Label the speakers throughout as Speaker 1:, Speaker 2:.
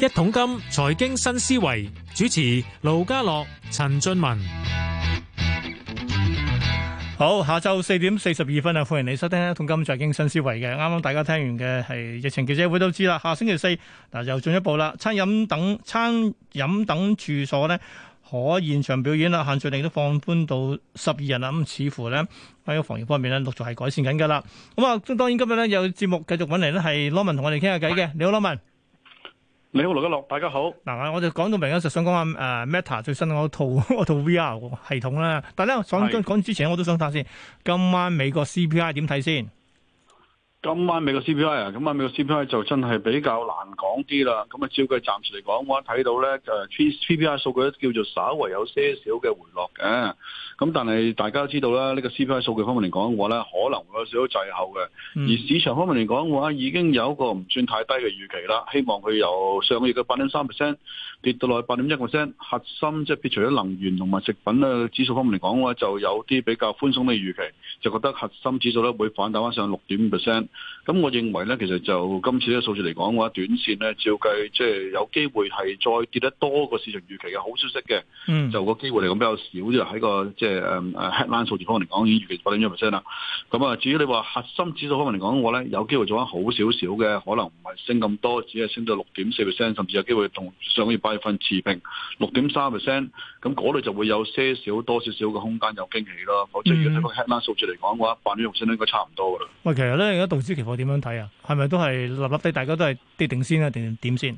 Speaker 1: 一桶金財經新思維主持盧家樂、陳俊文，好，下晝四點四十二分啊，歡迎你收聽《一桶金財經新思維》嘅。啱啱大家聽完嘅係疫情記者會都知啦，下星期四嗱又進一步啦，餐飲等餐飲等住所呢。可現場表演啦，限聚令都放寬到十二人啦。咁似乎咧喺個防疫方面咧，陸續係改善緊噶啦。咁啊，當然今日咧有節目繼續揾嚟咧，係羅文同我哋傾下偈嘅。你好，羅文。你好，羅一樂，大家好。嗱，我哋講到明嘅時候想講下誒 Meta 最新嗰套套 VR 系統啦。但咧講講之前，我都想睇下先。今晚美國 CPI 點睇先？
Speaker 2: 今晚美國 CPI 啊，今晚美國 CPI 就真係比較難講啲啦。咁啊，照佢暫時嚟講，我睇到咧就係 CPI 數據叫做稍為有些少嘅回落嘅。咁但係大家都知道啦，呢個 CPI 數據方面嚟講嘅話咧，可能會有少少滯後嘅。而市場方面嚟講嘅話已經有一個唔算太低嘅預期啦。希望佢由上個月嘅八點三 percent。跌到落去八點一 percent，核心即係撇除咗能源同埋食品咧，指數方面嚟講嘅話，就有啲比較寬鬆嘅預期，就覺得核心指數咧會反彈翻上六點五 percent。咁我認為咧，其實就今次呢個數字嚟講嘅話，短線咧照計即係有機會係再跌得多過市場預期嘅好消息嘅，嗯、就個機會嚟講比較少在個即啫，喺個即、uh, 係誒 headline 數字方面嚟講已經預期八點一 percent 啦。咁啊，至於你話核心指數方面嚟講，我咧有機會做翻好少少嘅，可能唔係升咁多，只係升到六點四 percent，甚至有機會同上個月派份持平六點三 percent，咁嗰度就會有些少多少少嘅空間有驚喜咯。即係如果睇個 headline 數字嚟講嘅話，八點六先應該差唔多啦。
Speaker 1: 喂、嗯，其實咧，而家道指期貨點樣睇啊？係咪都係立立低，大家都係跌定先啊？定點先？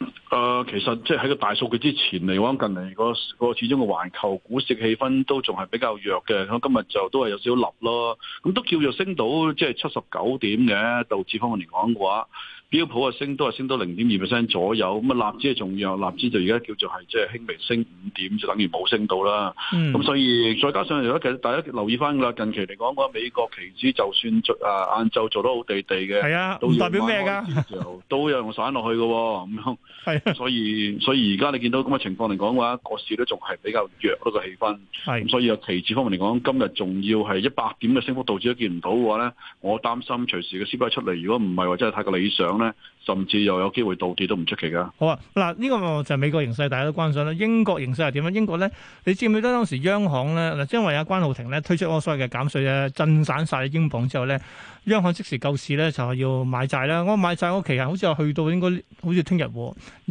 Speaker 2: 誒、呃，其實即係喺個大數據之前嚟講，近嚟個個始終嘅環球股市嘅氣氛都仲係比較弱嘅。咁今日就都係有少少立咯。咁都叫做升到即係七十九點嘅道指方面嚟講嘅話。標普啊，升都係升到零點二 percent 左右，咁啊納指係重要，納指就而家叫做係即係輕微升五點，就等於冇升到啦。咁、嗯、所以再加上如果其實大家留意翻㗎啦，近期嚟講，美國期指就算啊晏晝做得好地地嘅，係啊，代表咩㗎？都有用散落去㗎喎，咁樣係，所以所以而家你見到咁嘅情況嚟講嘅話，個市都仲係比較弱嗰個氣氛，係是，咁所以啊期指方面嚟講，今日仲要係一百點嘅升幅導致都見唔到嘅話咧，我擔心隨時嘅 CPI 出嚟，如果唔係話真係太過理想。甚至又有機會倒跌都唔出奇噶。
Speaker 1: 好啊，嗱，呢個就係美國形勢，大家都關注啦。英國形勢係點樣？英國咧，你知唔記得當時央行咧，因為阿關浩庭咧推出我所謂嘅減稅咧，震散晒英鎊之後咧，央行即時救市咧就係要買債啦。我買債嘅期間好似話去到應該，好似聽日。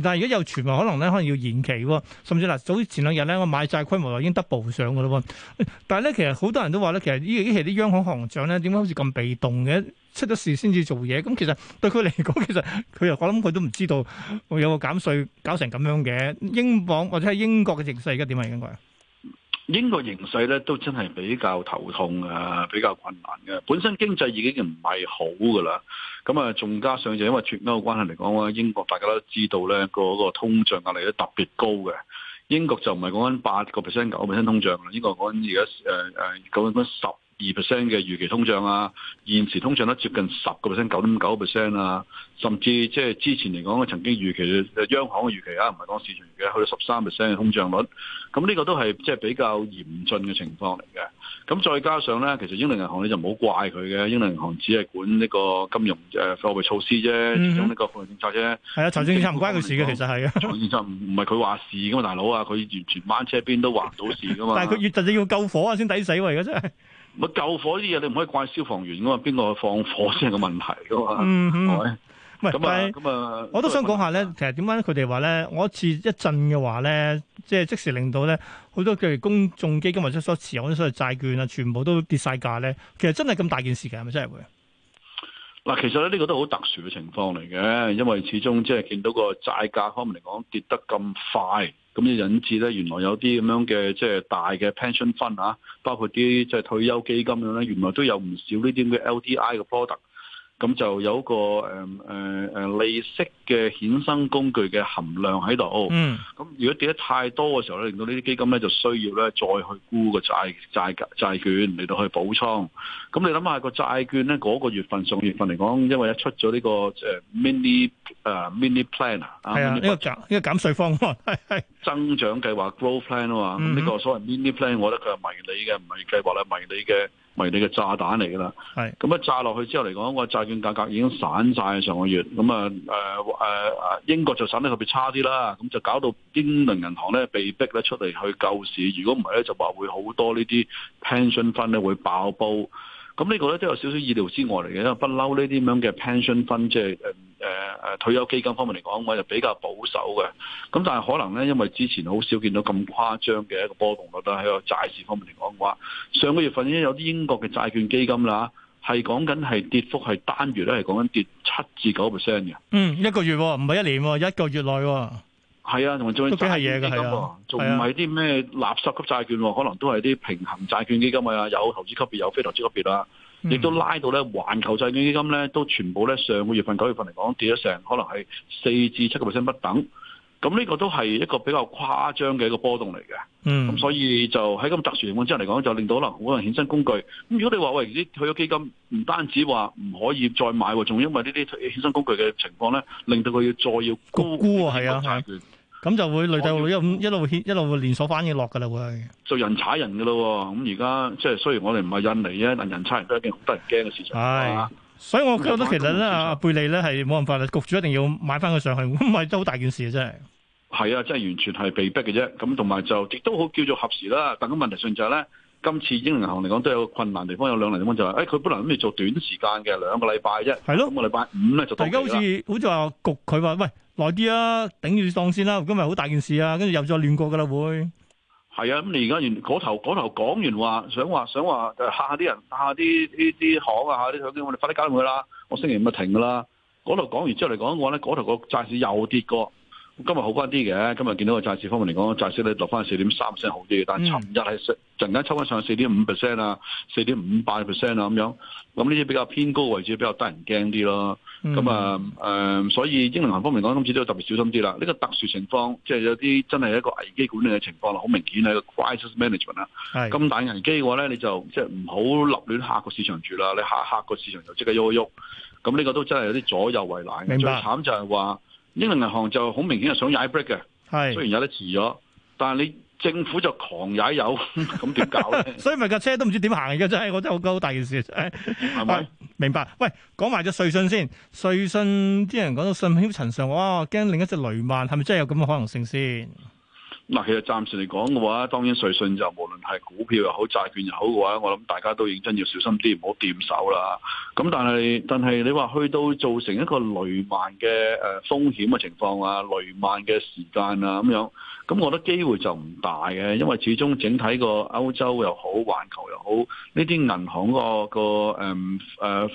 Speaker 1: 但係而家有傳聞可能咧，可能要延期喎。甚至嗱，早前兩日咧，我買債規模已經 double 上噶啦。但係咧，其實好多人都話咧，其實呢期啲央行行長咧，點解好似咁被動嘅？出咗事先至做嘢，咁其實對佢嚟講，其實佢又我諗佢都唔知道會有個減稅搞成咁樣嘅。英鎊或者係英國嘅形勢而家點啊，應該英國？
Speaker 2: 英國形勢咧都真係比較頭痛啊，比較困難嘅。本身經濟已經唔係好㗎喇，咁啊仲加上就因為脱歐嘅關係嚟講咧，英國大家都知道咧個個通脹壓力都特別高嘅。英國就唔係講緊八個 percent 九 percent 通脹啦，英國講緊而家誒誒講緊十。呃二 percent 嘅預期通脹啊，現時通脹率接近十個 percent，九點九 percent 啊，甚至即係之前嚟講，曾經預期央行嘅預期啊，唔係講市場預期，去到十三 percent 嘅通脹率，咁呢個都係即係比較嚴峻嘅情況嚟嘅。咁再加上咧，其實英倫銀行你就唔好怪佢嘅，英倫銀行只係管呢個金融誒、呃、貨幣措施啫，其中呢個貨幣政策啫。係、嗯嗯、啊，財政政策唔關佢事嘅，其實係啊。財政政策唔唔係佢話事噶嘛實， 大佬啊，佢完全掹車邊都話唔到事噶嘛。 但係佢
Speaker 1: 越甚至要救火啊，先抵死喎，而家真係。
Speaker 2: 咪救火啲嘢，你唔可以怪消防員噶嘛。邊個去放火先係個問題噶
Speaker 1: 嘛？ 嗯咁咁啊，是我想都想講下咧。其實點解佢哋話咧，我一次一震嘅話咧，就是、即係即時令到咧，好多譬如公眾基金或者所持有嗰啲所謂債券啊，全部都跌晒價咧。其實真係咁大件事嘅係咪真係會？
Speaker 2: 嗱，其實咧呢、這個都好特殊嘅情況嚟嘅，因為始終即係見到個債價方面嚟講跌得咁快。咁就引致咧，原來有啲咁樣嘅即係大嘅 pension fund 啊，包括啲即係退休基金咁咧，原來都有唔少呢啲咁嘅 LDI 嘅 product。咁就有個個誒誒利息嘅衍生工具嘅含量喺度。嗯。咁如果跌得太多嘅時候咧，令到呢啲基金咧就需要咧再去沽個債債債券嚟到去補倉。咁你諗下個債券咧嗰、嗰個月份、上月份嚟講，因為一出咗呢個 mini、uh, mini plan 啊。係啊、uh, mini，呢、呢個減
Speaker 1: 呢減稅方案 的
Speaker 2: 增長計劃 growth plan 啊嘛、嗯嗯。呢個所謂 mini plan，我覺得佢係迷你嘅，唔係計劃啦，迷你嘅。係你嘅炸彈嚟噶啦，係咁一炸落去之後嚟講，個債券價格已經散晒。上個月，咁啊誒誒、啊啊、英國就散得特別差啲啦，咁就搞到英倫銀行咧被逼咧出嚟去救市，如果唔係咧就話會好多呢啲 pension fund 咧會爆煲。咁呢個咧都有少少意料之外嚟嘅，因為不嬲呢啲咁樣嘅 pension 分，即係誒誒誒退休基金方面嚟講，我就比較保守嘅。咁但係可能咧，因為之前好少見到咁誇張嘅一個波動率啦喺個債市方面嚟講嘅話，上個月份咧有啲英國嘅債券基金啦，係講緊係跌幅係單月咧係講緊跌七至九 percent 嘅。嗯，
Speaker 1: 一個月唔係一年，一個月內。係啊，同埋仲要債基金喎，
Speaker 2: 仲唔係啲咩垃圾級債券喎？是啊、可能都係啲平衡債券基金啊，有投資級別，有非投資級別啦。亦都、嗯、拉到咧，環球債券基金咧，都全部咧，上個月份、九月份嚟講，跌咗成可能係四至七個 percent 不等。咁呢個都係一個比較誇張嘅一個波動嚟嘅，咁、嗯、所以就喺咁特殊情況之下嚟講，就令到可能好多人衍生工具。咁如果你話喂啲退休基金唔單止話唔可以再買喎，仲因為呢啲衍生工具嘅情況咧，令到佢要再要
Speaker 1: 沽沽啊，係啊，咁、啊、就會累積要一路一路一路連鎖反應落㗎啦喎，
Speaker 2: 就人踩人㗎咯喎。咁而家即係雖然我哋唔係印尼啫，但人踩人都係一件好得人驚嘅事
Speaker 1: 情。所以我覺得其實咧，阿貝利咧係冇辦法啦，焗住一定要買翻佢上去，唔係都好大件事嘅，真
Speaker 2: 係。係啊，真係完全係被逼嘅啫。咁同埋就亦都好叫做合時啦。但係問題上就係、是、咧，今次英倫銀行嚟講都有個困難的地方，有兩難地方就係、是，誒、哎，佢本來諗住做短時間嘅兩個禮拜啫，係咯的，兩個禮拜五咧就到。而家好似
Speaker 1: 好似話焗佢話喂耐啲啊，頂住檔先啦。今日好大件事啊，跟住又再亂過噶啦會。
Speaker 2: 係啊，咁你而家嗰頭嗰頭講完話，想話想話吓下啲人吓下啲啲啲行啊吓啲，我哋快啲搞掂佢啦，我星期五咪停噶啦。嗰頭講完之後嚟講嘅話咧，嗰頭個債市又跌過。今日好翻啲嘅，今日見到個債市方面嚟講，債息咧落翻四點三 percent 好啲，但係尋日係突然間抽翻上四點五 percent 啊，四點五八 percent 啊咁樣，咁呢啲比較偏高位置比較得人驚啲咯。咁啊、嗯呃、所以英倫行方面講，今次都要特別小心啲啦。呢個特殊情況，即係有啲真係一個危機管理嘅情況啦，好明顯係個 crisis management 啦。係。咁大危機嘅話咧，你就即係唔好立亂嚇個市場住啦，你嚇嚇個市場就即刻喐一喐。咁呢個都真係有啲左右為難嘅。明白。最慘就係話。英倫銀行就好明顯係想踩 break
Speaker 1: 嘅，是雖然有得
Speaker 2: 遲咗，但係你政府就狂踩油，咁 點
Speaker 1: 搞 所以咪架車都唔知點行嘅，真、哎、係我真係好大件事，係 咪、啊？明白？喂，講埋隻瑞信先，瑞信啲人講到信消層上，哇、哦，驚另一隻雷曼，係咪真係有咁嘅可能性先？
Speaker 2: 嗱，其實暫時嚟講嘅話，當然瑞信就無論係股票又好、債券又好嘅話，我諗大家都認真要小心啲，唔好掂手啦。咁但係，但係你話去到造成一個雷曼嘅誒風險嘅情況啊，雷曼嘅時間啊咁樣，咁我覺得機會就唔大嘅，因為始終整體個歐洲又好，環球又好，呢啲銀行的個個誒誒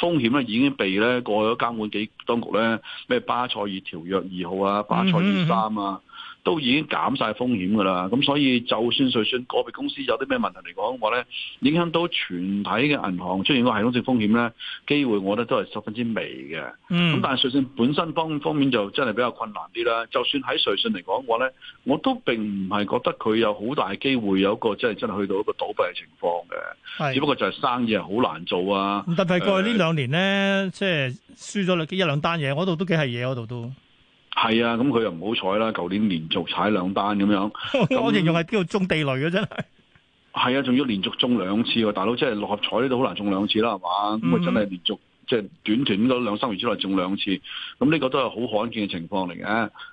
Speaker 2: 風險咧已經被咧過咗監管機當局咧咩巴塞爾條約二號啊、巴塞爾三啊。嗯都已經減晒風險㗎啦，咁所以就算瑞信個別公司有啲咩問題嚟講嘅話咧，影響到全體嘅銀行出現個系統性風險咧，機會我咧都係十分之微嘅。嗯，咁但係瑞信本身方方面就真係比較困難啲啦。就算喺瑞信嚟講嘅話咧，我都並唔係覺得佢有好大機會有個個即係真係去到一個倒閉嘅情況嘅。係，只不過就係生意係好難做啊。咁特別過去兩呢
Speaker 1: 兩年咧，即係輸咗一兩單嘢，我度都幾係嘢，我度都。
Speaker 2: 係啊，咁佢又唔好彩啦！舊年連續踩兩單咁樣，
Speaker 1: 我形容係叫做中地雷嘅，真
Speaker 2: 係。係啊，仲要連續中兩次喎，啊，大佬即係六合彩呢度好難中兩次啦，係嘛？咁啊真係連續即係、就是、短短咁兩三年之內中兩次，咁呢個都係好罕見嘅情況嚟嘅。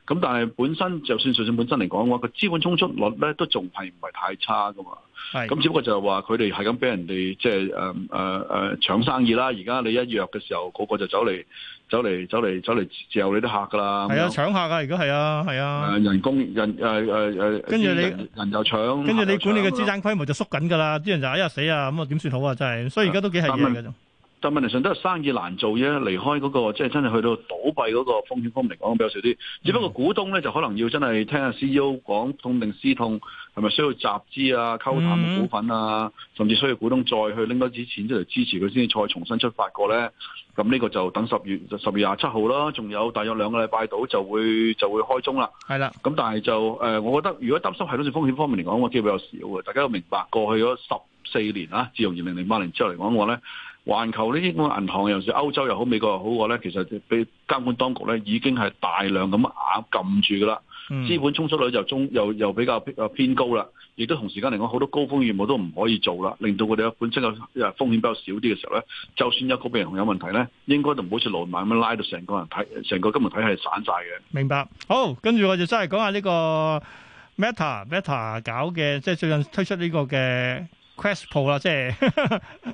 Speaker 2: 咁但係本身就算瑞信本身嚟講嘅話，個資本充足率咧都仲係唔係太差噶嘛？咁 只不過就係話佢哋係咁俾人哋即係誒誒誒搶生意啦！而家你一約嘅時候，個個就走嚟。走嚟走嚟走嚟自招你啲客噶啦，係啊
Speaker 1: 搶客啊，如果係啊係啊、呃，
Speaker 2: 人工人誒誒誒，呃呃、跟住你人，人就搶，搶跟住你管理嘅資產
Speaker 1: 規模就縮緊噶啦，啲、啊、人就哎呀，死啊，咁啊點算好啊真係，所以而家都幾係嘢嘅。啊啊啊
Speaker 2: 但問題上都係生意難做啫，離開嗰、嗰個即係真係去到倒閉嗰個風險方面嚟講比較少啲。只不過股東咧就可能真要真係聽下 CEO 講痛定思痛，係咪需要集資啊、溝淡股份啊，甚至需要股東再去拎多啲錢出嚟、就係、支持佢，先至再重新出發過咧。咁呢個就等十月就十月廿七號啦，仲有大約兩個禮拜到就會就會開鐘啦。係啦的，咁但係就誒，我覺得如果擔心係好似風險方面嚟講，我見比較少嘅。大家都明白過去咗十四年啊，自從二零零八年之後嚟講，嘅話咧。環球呢英咁銀行，尤其是歐洲又好、美國又好過咧，其實被監管當局咧已經係大量咁壓撳住噶啦，資本充足率又中又又比較偏高啦，亦都同時間嚟講，好多高風險業務都唔可以做啦，令到佢哋嘅本身嘅風險比較少啲嘅時候咧，就算有個別銀行有問題咧，應該就唔好似羅曼咁樣拉到成個人睇，成個金融體系散晒嘅。
Speaker 1: 明白，好，跟住我就真係講下呢個 Meta Meta 搞嘅，即係最近推出呢個嘅。Quest Pro 啦，即係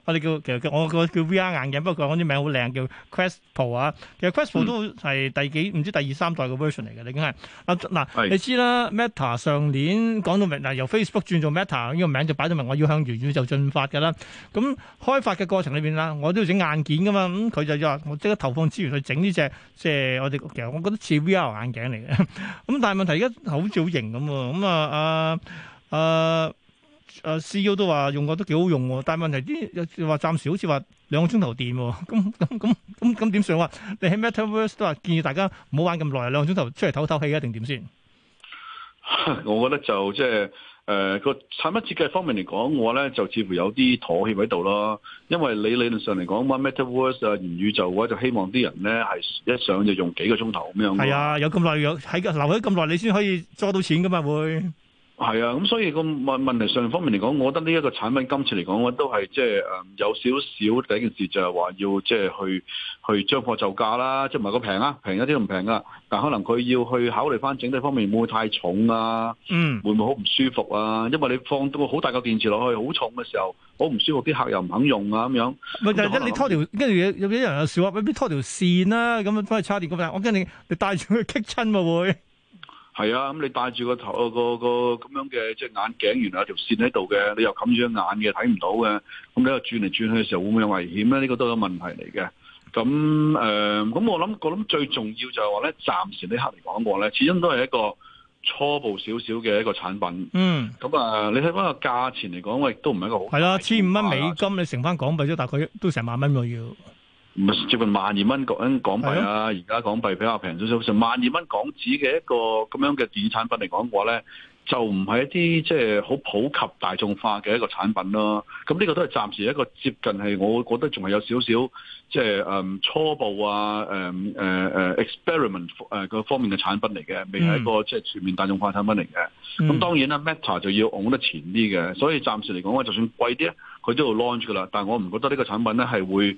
Speaker 1: 我哋叫其實我個叫 VR 眼鏡，不過我啲名好靚，叫 Quest Pro Qu、嗯、啊。其實 Quest Pro 都係第幾唔知第二三代嘅 version 嚟嘅，已經係嗱你知啦。Meta 上年講到明由 Facebook 轉做 Meta 呢個名就擺咗明，我要向元宇宙進發嘅啦。咁開發嘅過程裏邊啦，我都要整硬件噶嘛，咁、嗯、佢就話我即刻投放資源去整呢隻，即係我哋其實我覺得似 VR 眼鏡嚟嘅。咁但係問題而家好似好型咁，咁啊啊啊！呃呃誒，C U 都話用過都幾好用喎，但係問題啲又話暫時好似話兩個鐘頭電喎，咁咁咁咁咁點算啊？你喺 Metaverse 都話建議大家唔好玩咁耐兩個鐘頭出嚟透透氣啊，定點先？
Speaker 2: 我覺得就即係誒個產品設計方面嚟講，我咧就似乎有啲妥協喺度咯，因為你理論上嚟講，玩 Metaverse 啊元宇宙嘅話，就希望啲人咧係一上就用幾個鐘頭咁樣。係
Speaker 1: 啊，有咁耐有喺留咗咁耐，你先可以揸到錢噶嘛會。
Speaker 2: 係啊，咁、嗯、所以個問問題上方面嚟講，我覺得呢一個產品今次嚟講，我都係即係誒，有少少第一件事就係話要即係去去將貨就價啦，即係唔係個平啊，平一啲都唔平啊。但可能佢要去考慮翻整體方面會唔會太重啊？
Speaker 1: 嗯，會
Speaker 2: 唔會好唔舒服啊？因為你放到個好大個電池落去，好重嘅時候，好唔舒服，啲客又唔肯用啊，咁樣。唔但係一你拖條，
Speaker 1: 跟住樣有啲人又笑話，有拖條線啦、啊？咁樣翻去插電咁陣，我驚你你帶住佢棘親咪會。
Speaker 2: 係啊，咁你戴住個頭個個咁樣嘅即係眼鏡，原來有條線喺度嘅，你又冚住眼嘅，睇唔到嘅，咁你又轉嚟轉去嘅時候會唔會有危險咧？呢、呢個都有問題嚟嘅。咁誒，咁、呃、我諗我諗最重要就係話咧，暫時呢一刻嚟講過咧，始終都係一個初步少少嘅一個產品。嗯，咁啊、呃，你睇翻個價錢嚟講，喂亦都唔係一個好係啦，
Speaker 1: 千五蚊美金、啊、你乘翻港幣都大概都成萬蚊喎要。
Speaker 2: 唔係、嗯、接近萬二蚊港港幣啊！而家的港幣比較平少少，好似萬二蚊港紙嘅一個咁樣嘅電子產品嚟講嘅話咧，就唔係一啲即係好普及大眾化嘅一個產品咯。咁、嗯、呢個都係暫時一個接近係，我覺得仲係有少少即係誒初步啊誒誒誒 experiment 誒、呃、個方面嘅產品嚟嘅，未係一個即係、就是、全面大眾化的產品嚟嘅。咁、嗯、當然啦，Meta 就要攪得前啲嘅，所以暫時嚟講咧，就算貴啲咧，佢都要 launch 噶啦。但係我唔覺得呢個產品咧係會，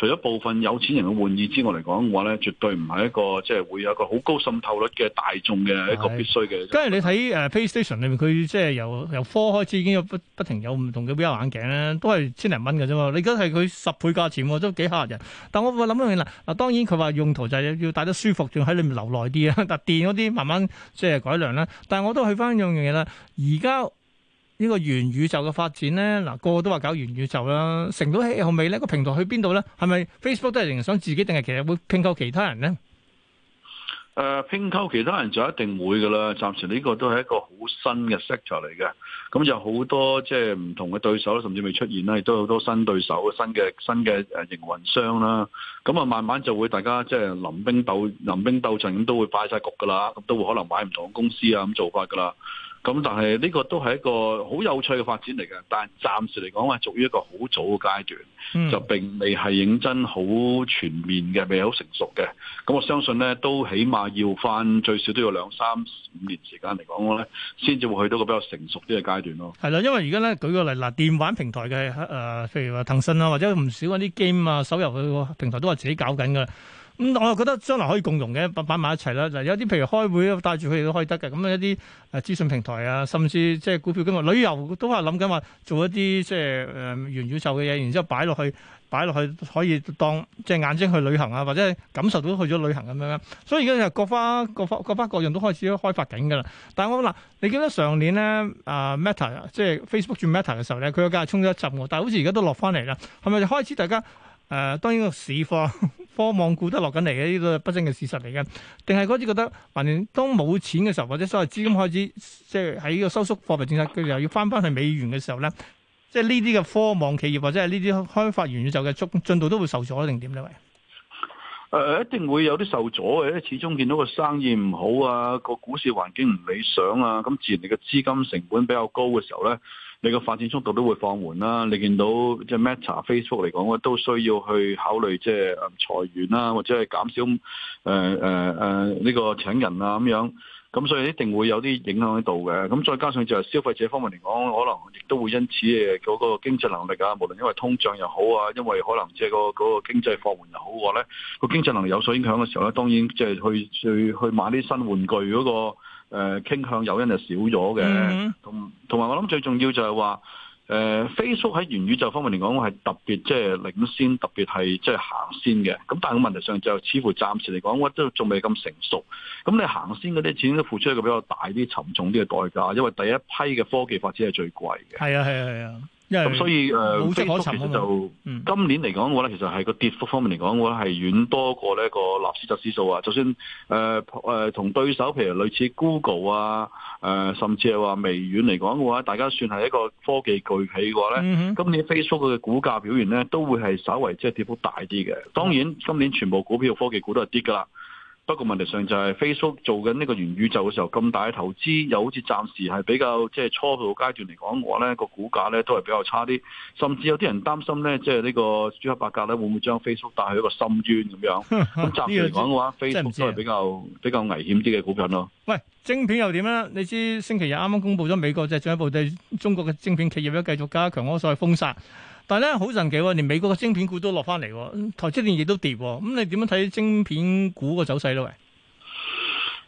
Speaker 2: 除咗部分有錢人嘅玩意之外嚟講嘅話咧，絕對唔係一個即係會有一個好高滲透率嘅大眾嘅一個必須嘅。
Speaker 1: 跟住你睇誒 PlayStation 裏面，佢即係由由科開始已經有不不停有唔同嘅 VR 眼鏡咧，都係千零蚊嘅啫嘛。你而家係佢十倍價錢，都幾嚇人。但我會諗翻啦，嗱當然佢話用途就係要要戴得舒服，仲喺裏面留耐啲啊。但電嗰啲慢慢即係改良啦。但係我都去翻一樣嘢啦，而家。呢個元宇宙嘅發展咧，嗱個個都話搞元宇宙啦，成到起後尾咧？個平台去邊度咧？係咪 Facebook 都係想自己，定係其實會併購其他人咧？
Speaker 2: 誒，併購其他人就一定會噶啦。暫時呢個都係一個好新嘅 sector 嚟嘅，咁就有好多即係唔同嘅對手，甚至未出現咧，亦都有好多新對手、新嘅新嘅誒營運商啦。咁啊，慢慢就會大家即係臨兵鬥臨兵鬥陣咁，都會擺曬局噶啦，咁都會可能買唔同公司啊咁做法噶啦。咁但係呢個都係一個好有趣嘅發展嚟嘅，但係暫時嚟講，話屬於一個好早嘅階段，就並未係認真好全面嘅，未好成熟嘅。咁我相信呢，都起碼要翻最少都要兩三五年時間嚟講講呢先至會去到個比較成熟啲嘅階段咯。
Speaker 1: 係啦，因為而家呢，舉個例，嗱，電玩平台嘅誒，譬如話騰訊啊，或者唔少嗰啲 game 啊，手遊嘅個平台都係自己搞緊噶。咁我又覺得將來可以共融嘅擺擺埋一齊啦。嗱，有啲譬如開會帶住佢哋都可以得嘅。咁啊一啲誒資訊平台啊，甚至即係股票金融、旅遊都係諗緊話做一啲即係誒元宇宙嘅嘢，然之後擺落去，擺落去可以當即係眼睛去旅行啊，或者感受到去咗旅行咁樣。所以而家就各花各花各花各樣都開始都開發緊噶啦。但係我嗱，你記得上年咧啊、呃、Meta 即係 Facebook 轉 Meta 嘅時候咧，佢個價係衝咗一陣喎，但係好似而家都落翻嚟啦。係咪就開始大家？誒、呃、當然個市況科網股得落緊嚟嘅呢個不爭嘅事實嚟嘅，定係嗰啲覺得當冇錢嘅時候，或者所謂資金開始即係喺個收縮貨幣政策，佢又要翻翻去美元嘅時候咧，即係呢啲嘅科網企業或者係呢啲開發元宇宙嘅進進度都會受阻定點咧？
Speaker 2: 誒、呃、一定會有啲受阻嘅，始終見到個生意唔好啊，個股市環境唔理想啊，咁自然你嘅資金成本比較高嘅時候咧。你個發展速度都會放緩啦，你見到即係 Meta、Facebook 嚟講，都需要去考慮即係、誒、裁員啦，或者係減少誒誒誒呢個請人啦咁樣，咁所以一定會有啲影響喺度嘅。咁再加上就係消費者方面嚟講，可能亦都會因此嘅嗰個經濟能力啊，無論因為通脹又好啊，因為可能即係個嗰個經濟放緩又好嘅咧，個經濟能力有所影響嘅時候咧，當然即係去去去買啲新玩具嗰、嗰個。誒，傾向誘因就少咗嘅，同同埋我諗最重要就係話，誒，呃，Facebook 喺元宇宙方面嚟講，我係特別即係領先，特別係即係行先嘅。咁但係個問題上就似乎暫時嚟講，我都仲未咁成熟。咁你行先嗰啲錢都付出一個比較大啲、沉重啲嘅代價，因為第一批嘅科技發展係最貴
Speaker 1: 嘅。係啊，係啊，係啊。咁所以誒、呃、Facebook 其實就、嗯、
Speaker 2: 今年嚟講嘅話咧，其實係個跌幅方面嚟講嘅話，我係遠多過呢個納斯達克指數啊。就算誒誒、呃呃、同對手譬如類似 Google 啊，誒、呃、甚至係話微軟嚟講嘅話，大家算係一個科技巨企嘅話咧，嗯、哼今年 Facebook 嘅股價表現咧都會係稍為即係跌幅大啲嘅。當然，今年全部股票科技股都係跌㗎啦。不過問題上就係 Facebook 做緊呢個元宇宙嘅時候，咁大嘅投資，又好似暫時係比較即係、就是、初步階段嚟講，嘅話，咧個股價咧都係比較差啲，甚至有啲人擔心咧，即係呢個朱克伯格咧會唔會將 Facebook 帶去一個深淵咁樣？咁暫 時嚟講嘅話，Facebook 都係比較比較危險啲嘅股份咯。
Speaker 1: 喂，晶片又點咧？你知星期日啱啱公布咗美國，即係進一步對中國嘅晶片企業咧繼續加強嗰個所謂封殺。但係咧，好神奇喎！連美國嘅晶片股都落翻嚟，台積電亦都跌。咁你點樣睇晶片股個走勢咧？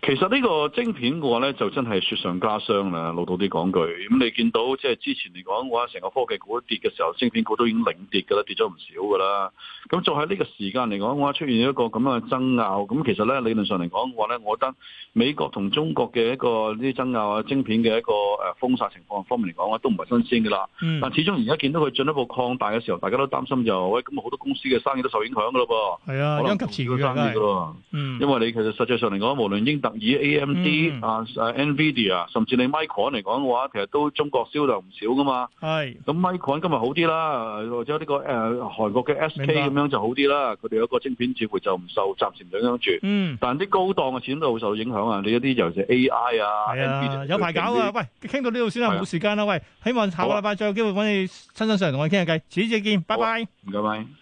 Speaker 2: 其實呢個晶片嘅話咧，就真係雪上加霜啦。老土啲講句，咁、嗯、你見到即係之前嚟講，嘅話成個科技股跌嘅時候，晶片股都已經領跌嘅啦，跌咗唔少嘅啦。咁就喺呢個時間嚟講，嘅話出現一個咁樣嘅爭拗，咁其實咧理論上嚟講嘅話咧，我覺得美國同中國嘅一個呢啲爭拗啊，晶片嘅一個誒封殺情況方面嚟講，都唔係新鮮嘅啦。嗯、但始終而家見到佢進一步擴大嘅時候，大家都擔心就喂咁好多公司嘅生意都受影響嘅咯
Speaker 1: 噃。係啊，因為急切佢生意嘅喎。嗯、因
Speaker 2: 為你其實實際上嚟講，無論英達，以 AMD、嗯、啊、NVIDIA 甚至你 Micron 嚟講嘅話，其實都中國銷量唔少㗎嘛。係是。咁 Micron 今日好啲啦，或者呢、呢個誒、呃、韓國嘅 SK 咁樣就好啲啦。佢哋有個個晶片節目就唔受暫時、嗯、影響住。嗯。但啲高檔嘅錢都會受影響啊！你一啲尤其係 AI 啊，啊，VID IA，有排搞有啊！喂、
Speaker 1: 啊，傾到呢度先啦，冇時間啦。喂，希望下個禮拜再有機會揾你親身上嚟同我傾下偈。遲次再見，啊、拜拜。唔該拜拜。